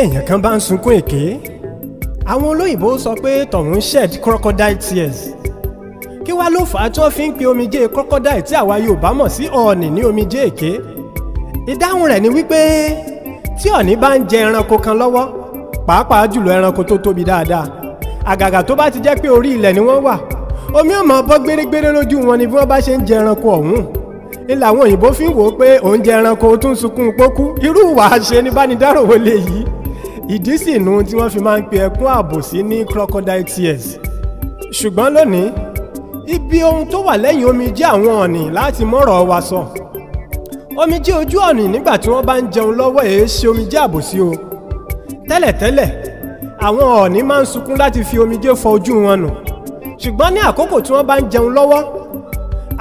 téèyàn kan bá ń sunkún èké àwọn olóyìnbó sọ pé tọ̀hún shed crocodile tears kí wá ló fà á tí wọ́n fi ń pe omijé crocodile tí àwa Yorùbá mọ̀ sí ọ̀ọ̀nì ní omijé èké ìdáhùn rẹ̀ ni wípé tí ọ̀ọ̀nì bá ń jẹ ẹranko kan lọ́wọ́ pàápàá jùlọ ẹranko tó tóbi dáadáa àgàgà tó bá ti jẹ́ pé orí ilẹ̀ ni wọ́n wà omi ò bọ́ gbérégbéré lójú wọn ni bí wọ́n bá ṣe ń jẹ ẹranko ọ̀hún ni làwọn òyìnbó fi ń wò ó pé òun jẹ ẹranko tó ń sunkún pókú irú wàá ṣe ní bá ní dárò wọlé yìí ìdí sì nu tí wọ́n fi máa ń pe ẹkún àbòsí ní crocodile tears ṣùgbọ́n lónìí ibi ohun tó wà lẹ́yìn omijé àwọn ọ̀nì láti mọ́rọ̀ wa sọ omijé ojú ọ̀nì nígbà tí wọ́n bá ń jẹun lọ́wọ́ èé ṣe omijé àbòsí o tẹ́lẹ̀tẹ́lẹ̀ àwọn ọ̀nì máa ń sunkún láti fi omijé fọ ojú wọn nù ṣùgbọ́n ní àkókò tí wọ́n bá ń jẹun lọ́wọ́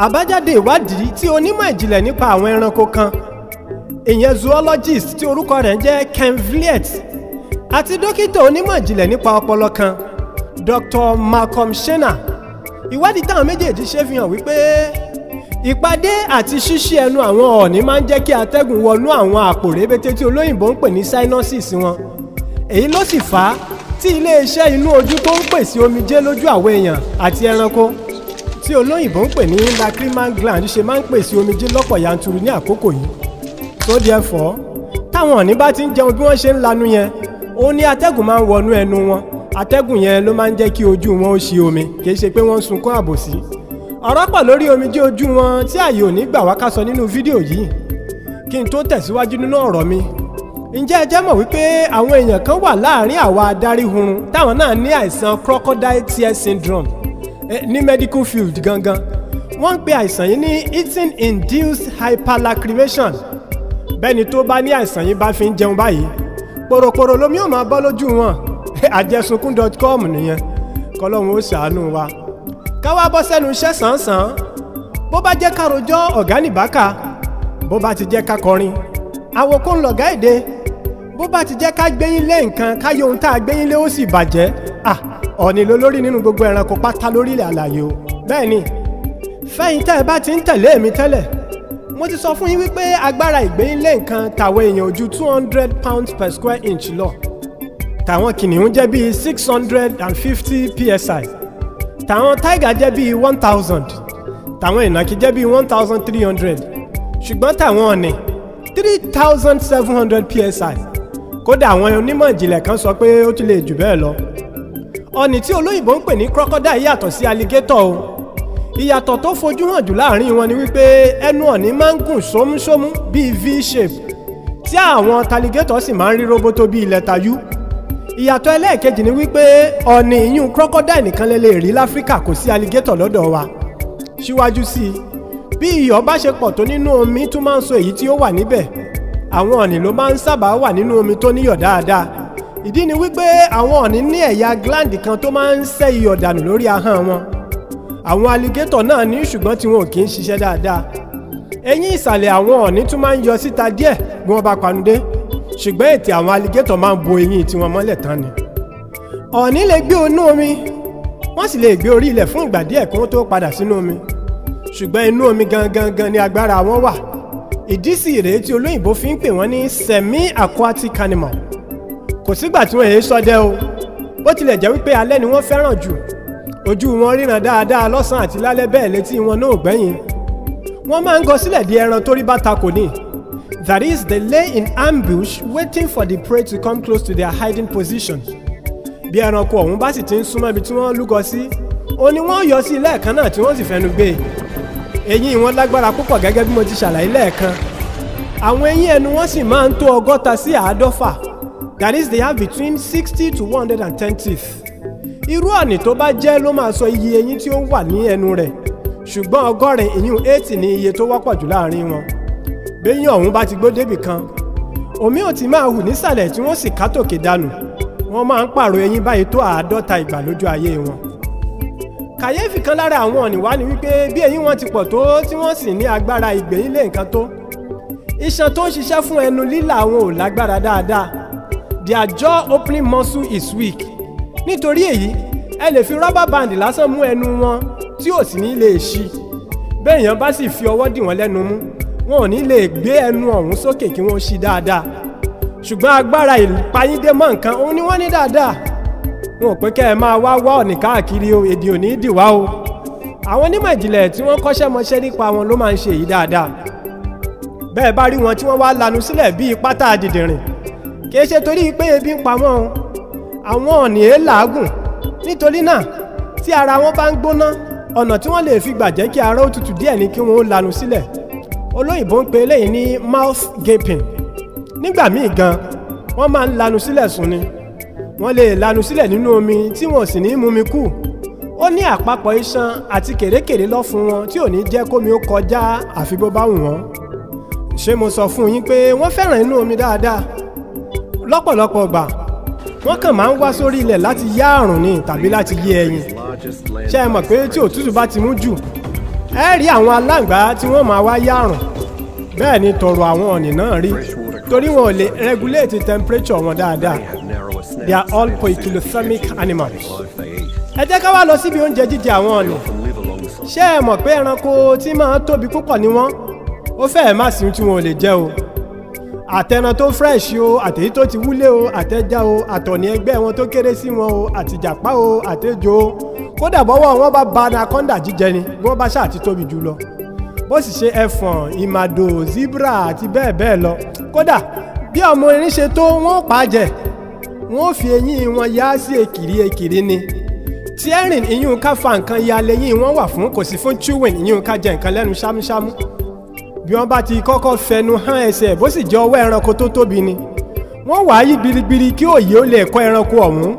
àbájáde ìwádìí tí onímọ̀ ìjìnlẹ̀ nípa àwọn ẹranko kan ìyẹn zoologist tí orúkọ rẹ̀ jẹ́ Ken Vliet àti dókítà onímọ̀ ìjìnlẹ̀ nípa ọpọlọ kan Dr. Malcolm Shena ìwádìí táwọn méjèèjì ṣe fi hàn wípé ìpàdé àti ṣíṣí ẹnu àwọn ọ̀ọ̀nì máa ń jẹ́ kí atẹ́gùn wọnú àwọn àpò rébété tí olóyìnbó ń pè ní sinuses wọn èyí ló sì fà á tí iléeṣẹ́ inú ojú tó ń pèsè omijé lójú àwọn èèyàn àti ẹranko tí olóyìnbó ń pè ní lacrimal gland ṣe máa ń pèsè omijé lọ́pọ̀ yanturu ní àkókò yìí tó díẹ̀ fọ́ táwọn ọ̀ọ̀nì bá ti ń jẹun bí wọ́n ṣe ń lanu yẹn òun ni atẹ́gùn máa ń wọnú ẹnu wọn atẹ́gùn yẹn ló máa ń jẹ́ kí ojú wọn ó ṣe omi kì í ṣe pé wọ́n ń sunkún àbòsí ọ̀rọ̀ pọ̀ lórí omijé ojú wọn tí àyè ò ní gbà wá ká sọ nínú fídíò yìí kí n tó tẹ̀síwájú nínú ọ̀rọ̀ mi ǹjẹ́ ẹ jẹ́ mọ̀ wípé àwọn èèyàn kan wà láàárín àwa adarí hurun táwọn náà ní àìsàn crocodile tear syndrome ní medical field gangan wọ́n ń pe àìsàn yìí ní eating induced hyperlacrimation bẹ́ni tó bá ní àìsàn yìí bá fi ń jẹun báyìí pòròpòrò lomi ò máa bọ́ lójú wọn àjẹsunkún dot com nìyẹn kọlọ́run ó ṣàánú wa káwá bọ́ sẹ́nu iṣẹ́ sàn-án bó bá jẹ́ ká rojọ́ ọ̀gá nìbákà bó bá ti jẹ́ ká kọrin àwòkó ń lọ̀gá èdè bó bá ti jẹ́ ká gbẹ́yìn lé nǹkan káyé ohun tá a gbẹ́yìn lé ó sì bàjẹ́ ah ọ̀nì ló lórí nínú gbogbo ẹranko pátá lórílẹ̀ àlàyé o bẹ́ẹ̀ ni fẹ́yìntẹ́ bá ti ń tẹ̀lé mi tẹ́lẹ̀ mo ti sọ fún yín wípé agbára ìgbéyìnlé nǹkan tàwọn èèyàn ojú two hundred pounds per square inch lọ tàwọn kìnìún jẹ́ bíi six hundred and fifty psi tàwọn tiger jẹ́ bíi one thousand tàwọn ìnàkí jẹ́ bíi one thousand three hundred ṣùgbọ́n tàwọn ọ̀nì three thousand seven hundred psi kódà àwọn onímọ̀ ìjìnlẹ̀ kan sọ pé ó tún lè jù bẹ́ẹ̀ lọ ọ̀nì tí olóyìnbó ń pè ní crocodile yàtọ̀ sí alligator o ìyàtọ̀ tó fojú hàn jù láàrin wọn ni wípé ẹnu ọ̀ní máa ń gùn sómúsómú bíi v-shape tí àwọn taligator sì máa ń rí roboto bíi lẹ́tà u ìyàtọ̀ ẹlẹ́ẹ̀kejì ni wípé ọ̀nì ìyún crocodile nìkan lè lè rí láfíríkà kò sí alligator lọ́dọ̀ wa síwájú sí i bí iyọ̀ bá ṣe pọ̀ tó nínú omi tún máa ń so èyí tí ó wà níbẹ̀ àwọn ọ̀nì ló máa ń sábà wà nínú omi tó níyọ̀ dáadáa ìdí ni wípé àwọn ọ̀nì ní ẹ̀yà gland kan tó máa ń sẹ́ iyọ̀ dànù lórí ahọ́n wọn àwọn alligator náà ní ṣùgbọ́n tí wọn ò kì í ṣiṣẹ́ dáadáa eyín ìsàlẹ̀ àwọn ọ̀nì tún máa ń yọ síta díẹ̀ bí wọ́n bá panudé ṣùgbọ́n ètè àwọn alligator máa ń bo eyín tiwọn mọ́lẹ̀ tán ni ọ̀nì lè gbé inú omi wọ́n sì lè gbé orí ilẹ̀ fún ìgbà díẹ̀ kí wọ́n tó padà sínú omi ṣùgbọ́n inú omi gangan ni agbára wọn wà ìdí sì rèé tí olóyìnbó fi ń pè wọ́n ní semi-aquatic animal kò sígbà tí wọ́n èé ṣọdẹ o bó tilẹ̀ jẹ́ wípé alẹ́ ni wọ́n fẹ́ràn jù ojú wọn ríran dáadáa lọ́sàn àti lálẹ́ bẹ́ẹ̀ létí wọn náà gbẹ́yìn wọ́n máa ń gọ sílẹ̀ di ẹran tó bàtà kò ní that is they lay in ambush waiting for the prey to come close to their hiding position bí ẹranko ọ̀hún bá sì ti ń súnmọ́ ibi tí wọ́n lúgọ sí ó ní wọ́n yọ sí lẹ́ẹ̀kan náà tí wọ́n sì fẹnu gbé e eyín wọn lágbára púpọ̀ gẹ́gẹ́ bí mo ti ṣàlàyé lẹ́ẹ̀kan àwọn eyín ẹnu wọn sì máa ń tó ọgọ́ta sí àádọ́fà that is they have between sixty to one hundred and ten teeth irú ọ̀nì tó bá jẹ́ ló máa sọ iye eyín tí ó wà ní ẹnu rẹ̀ ṣùgbọ́n ọgọ́rin ìyún eighty ni iye tó wọ́pọ̀ jù láàrin wọn béèyàn ọ̀hún bá ti gbó débì kan omi ò ti máa hù nísàlẹ̀ tí wọ́n sì ká tòkè dànù wọ́n máa ń pààrọ̀ eyín báyìí tó àádọ́ta ìgbà lójú ayé wọn kàyéfì kan lára àwọn ọ̀nì wá ni wípé bí eyín wọn ti pọ̀ tó tí wọ́n sì ní agbára ìgbéyín lé nǹkan tó iṣan tó ń ṣiṣẹ́ fún ẹnu lílà wọn ò lágbára dáadáa their jaw opening muscle is weak nítorí èyí ẹ lè fi rọ́bà band lásán mú ẹnu wọn tí ò sì ní lè ṣí béèyàn bá sì fi ọwọ́ dì wọ́n lẹ́nu mú wọn ò ní lè gbé ẹnu ọ̀hún sókè kí wọ́n ṣí dáadáa ṣùgbọ́n agbára ìpayíndé mọ́ nǹkan òun ni wọ́n ní dáadáa wọn ò pé kẹ́ ẹ máa wá wá ọ̀nì káàkiri o èdè ò ní dìwá o àwọn onímọ̀ ìjìnlẹ̀ tí wọ́n kọ́ṣẹ́ mọṣẹ́ nípa wọn ló máa ń ṣe èyí dáadáa bẹ́ẹ̀ bá rí wọn tí wọ́n wá lanu sílẹ̀ bíi pátá dìdìrìn kì í ṣe torí pé ebi ń pa wọ́n àwọn ọ̀nì èé làágùn nítorí náà tí ara wọn bá ń gbóná ọ̀nà tí wọ́n lè fi gbà kí ara ó tutù díẹ̀ ni kí wọ́n ó lanu sílẹ̀ olóyìnbó ń pe eléyìí ní mouth gaping nígbà míì gan wọ́n máa ń lanu sílẹ̀ sùn ni wọ́n lè lanu sílẹ̀ nínú omi tí wọ́n sì ní mumi kù ó ní àpapọ̀ iṣan àti kèrékèré lọ́fun wọn tí ò ní jẹ́ kómi ó kọjá àfi bó bá wù wọ́n ṣé mo sọ fún yín pé wọ́n fẹ́ràn inú omi dáadáa lọ́pọ̀lọpọ̀ gbà wọ́n kàn máa ń wá sórí ilẹ̀ láti yá àrùn ni tàbí láti yé ẹyin ṣé ẹ mọ̀ pé tí òtútù bá ti mú jù ẹ rí àwọn aláǹgbá tí wọ́n máa wá yá àrùn bẹ́ẹ̀ ni tọrọ àwọn ọ̀nì náà rí torí wọn ò lè regulate temperature wọn dáadáa they are all poikilothermic animals ẹ jẹ́ ká wá lọ síbi oúnjẹ jíjẹ àwọn ọ̀nì ṣé ẹ mọ̀ pé ẹranko tí máa tóbi púpọ̀ ni wọ́n ó fẹ́ẹ̀ má sí tí wọn ò lè jẹ o àtẹran tó fresh o àtèyí tó ti wúlé o àtẹjá o àtọ̀ní ẹgbẹ́ wọn tó kéré sí wọn o àtìjàpá o àtejò o kódà bọ́wọ́ wọn bá ba anaconda jíjẹ ni bí wọ́n bá ṣáà ti tóbi jù lọ bó sì ṣe ẹfọ̀n ìmàdò zebra àti bẹ́ẹ̀ bẹ́ẹ̀ lọ kódà bí ọmọ irin ṣe tó wọ́n pa á jẹ wọ́n fi eyín wọn yá sí èkìrí èkìrí ni tíẹ́rìn ìyún ká fa nǹkan ya lẹ́yìn wọn wà fún kò sí fún chewing ìyún ká jẹ nǹkan lẹ́nu ṣámúṣámú bí wọ́n bá ti kọ́kọ́ fẹnu hán ẹsẹ̀ bó sì jẹ́ ọwọ́ ẹranko tó tóbi ni wọ́n wàá yí biribiri kí òye ó lè kọ́ ẹranko ọ̀hún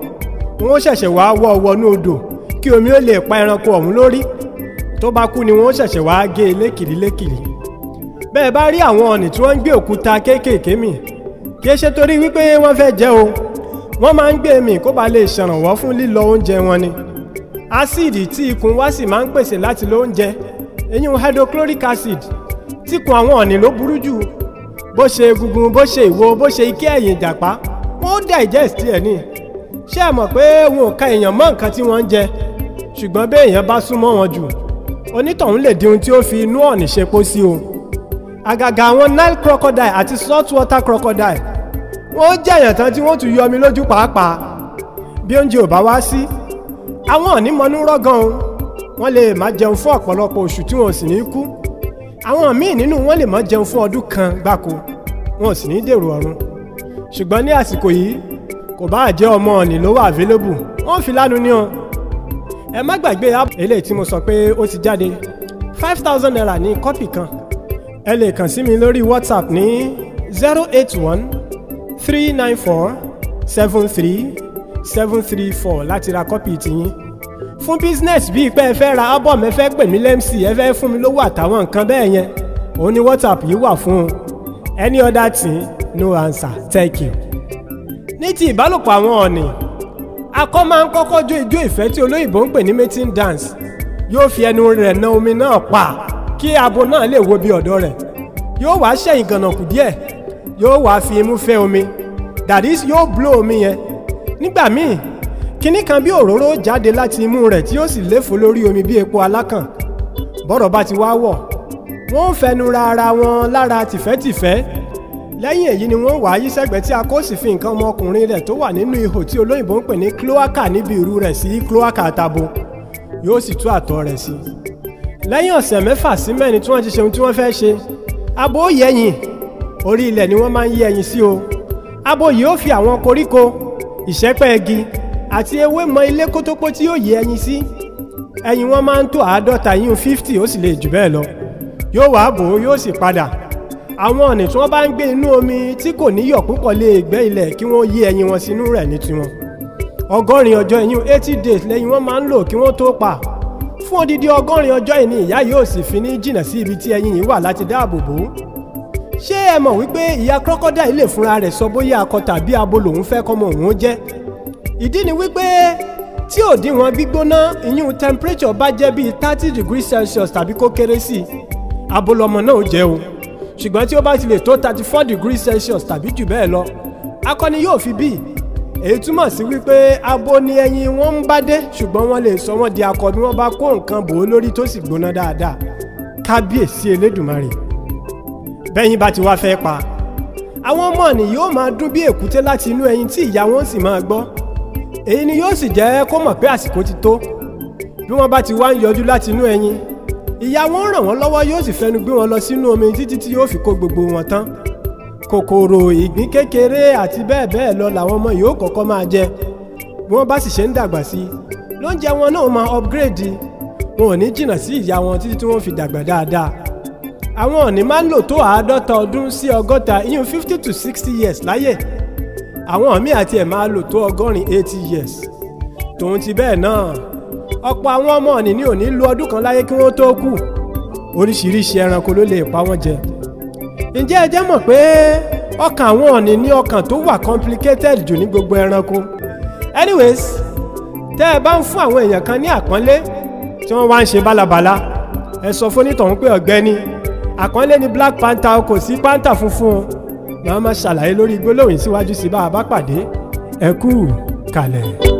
wọ́n ṣẹ̀ṣẹ̀ wàá wọ́ wọnú odò kí omi ó lè pa ẹranko ọ̀hún lórí tó bá kú ni wọ́n ṣẹ̀ṣẹ̀ wàá gé e bá rí àwọn ọ̀nì tí wọ́n ń gbé òkúta kéékèèké kí ṣe torí wípé wọ́n fẹ́ jẹ́ o wọ́n máa ń gbé e kó wọn ni acid tìkùn àwọn ọ̀nì ló burú jù bó ṣe egungun bó ṣe ìwo bó ṣe iké ẹ̀yìn ìjàpá wọ́n digest ẹ̀ ni ṣé ẹ mọ̀ pé wọn ò ka èèyàn mọ́ nǹkan tí wọ́n ń jẹ ṣùgbọ́n bí èèyàn bá súnmọ́ wọn jù onítọ̀hún lè di ohun tí ó fi inú ọ̀nì ṣe pó sí o àgàgà àwọn nile crocodile àti saltwater crocodile wọ́n jẹ́ èèyàn tán tí wọ́n tún yọ omi lójú pàápàá bí oúnjẹ ò bá wá sí àwọn ọ̀nì mọnú rọ́gàn o wọ́n lè má jẹun fún ọ̀pọ̀lọpọ̀ àwọn míì nínú wọn lè má jẹun fún ọdún kan gbáko wọn ò sì ní dèrò ọ̀run ṣùgbọ́n ní àsìkò yìí kò bá jẹ́ ọmọ ọ̀nì ló wà available wọ́n fi lánu ní ọ. ẹ má gbàgbé app eléyìí tí mo sọ pé ó ti jáde five thousand naira ní kọ́pì kan ẹ lè kàn sí mi lórí whatsapp ní zero eight one three nine four seven three seven three four láti ra kọ́pì tiyín fún business bíi pé ẹ fẹ́ ra album ẹ fẹ́ pè mí lẹ́mìsì ẹ fẹ́ fún mi lówó àtàwọn nǹkan bẹ́ẹ̀ yẹn òun ni whatsapp yìí wà fún un any other thing no answer thank you. ní ti ìbálòpọ̀ àwọn ọ̀nì akọ máa ń kọ́kọ́ jó ijó ìfẹ́ tí olóyìnbó ń pè ní mating dance yóò fi ẹnu rẹ̀ na omi náà pa kí abo náà lè wo bí ọ̀dọ́ rẹ̀ yóò wá ṣẹ̀yìn gànàkù díẹ̀ yóò wá fi imú fẹ́ omi that is yóò blow omi yẹn nígbà míì kinní kan bí òróró jáde láti imú rẹ̀ tí ó sì léfò lórí omi bí epo alákàn bọ́rọ̀ bá ti wá wọ̀ wọ́n ń fẹnura ara wọn lára tìfẹ́tìfẹ́ lẹ́yìn èyí ni wọ́n wá yí sẹ́gbẹ̀ẹ́ tí a kó sì fi nǹkan ọmọkùnrin rẹ̀ tó wà nínú ihò tí olóyìnbó ń pè ní cloaca níbi ìrù rẹ̀ sí cloaca àtabo yóò sì tú àtọ̀ rẹ̀ sí lẹ́yìn ọ̀sẹ̀ mẹ́fà sí mẹ́rin tí wọ́n ti ṣe ohun tí wọ́n fẹ́ ṣe abo ó yẹyin orí ilẹ̀ ni wọ́n máa ń yí ẹyin sí o abo yìí ó fi àwọn koríko ìṣẹ́pẹ́ igi àti ewé mọ ilé kótópó tí yóò yé ẹyin sí ẹyin wọn máa ń tó àádọ́ta yíyún fifty ó sì lè jù bẹ́ẹ̀ lọ yóò wá bò ó yóò sì padà àwọn ọ̀nì tí wọ́n bá ń gbé inú omi tí kò níyọ̀ púpọ̀ lè gbẹ́ ilẹ̀ kí wọ́n yé ẹyin wọn sínú rẹ̀ ní tiwọn ọgọ́rin ọjọ́ ẹyin eighty days lẹ́yìn wọ́n máa ń lò kí wọ́n tó pa fún odidi ọgọ́rin ọjọ́ ìní ìyá yóò sì fi ní jìnnà sí ibi tí ẹyin yìí wà láti dáàbò bò ó ṣé ẹ mọ̀ wípé ìyá crocodile lè fúnra rẹ̀ sọ bóyá akọ tàbí abo lòun fẹ́ kọ́mọ òun jẹ́ ìdí ni wípé tí òdiwọ̀n gbígbóná ìyún temperature bá jẹ́ bíi thirty degrees celsius tàbí kó kéré sí i abolọmọ náà ò jẹ́ o ṣùgbọ́n tí ó bá ti lè tó thirty four degrees celsius tàbí jù bẹ́ẹ̀ lọ akọni yóò fi bí èyí túmọ̀ sí wípé abo ni ẹyin wọn ń bá dé ṣùgbọ́n wọ́n lè sọ wọ́n di akọ bí wọ́n bá kó nǹkan bò ó lórí tó sì gbóná dáadáa kábíyèsí elédùnmarè bẹ́yìn bá ti wá fẹ́ pa àwọn ọmọ nìyí ó máa dún bí èkúté láti inú ẹyin tí ìyá wọn sì máa gbọ́ èyí ni yóò sì jẹ́ kó mọ̀ pé àsìkò ti tó bí wọ́n bá ti wá ń yọjú láti inú ẹyin ìyá wọn ràn wọ́n lọ́wọ́ yóò sì fẹnu gbé wọn lọ sínú omi títí tí yóò fi kó gbogbo wọn tán kòkòrò ìgbín kékeré àti bẹ́ẹ̀ bẹ́ẹ̀ lọ làwọn ọmọ yóò kọ́kọ́ máa jẹ bí wọ́n bá sì ṣe ń dàgbà sí lóúnjẹ wọn náà máa upgrade wọn ò ní jìnnà sí ìyá wọn títí tí wọ́n fi dàgbà dáadáa àwọn ọ̀nì máa ń lò tó àádọ́ta ọdún sí ọgọ́ta iyún fifty to sixty years láyé àwọn míì àti ẹ̀ máa lò tó ọgọ́rin eighty years tòun ti bẹ́ẹ̀ náà ọ̀pọ̀ àwọn ọmọ nìní ò ní lu ọdún kan láyé kí wọ́n tó kú oríṣiríṣi ẹranko ló lè pa wọ́n jẹ ǹjẹ́ ẹ jẹ́ mọ̀ pé ọkàn àwọn ọ̀nì ní ọkàn tó wà complicated jù ní gbogbo ẹranko anyways tẹ́ ẹ bá ń fún àwọn èèyàn kan ní àpọ́nlé tí wọ́n wá ń ṣe bálabàla ẹ sọ fún onítọ̀hún pé ọ̀gbẹ́ni àpọ́nlé ni black panther kò sí panther funfun o màá máa ṣàlàyé lórí gbólóhùn síwájú sí bá a bá pàdé ẹ kú kalẹ̀.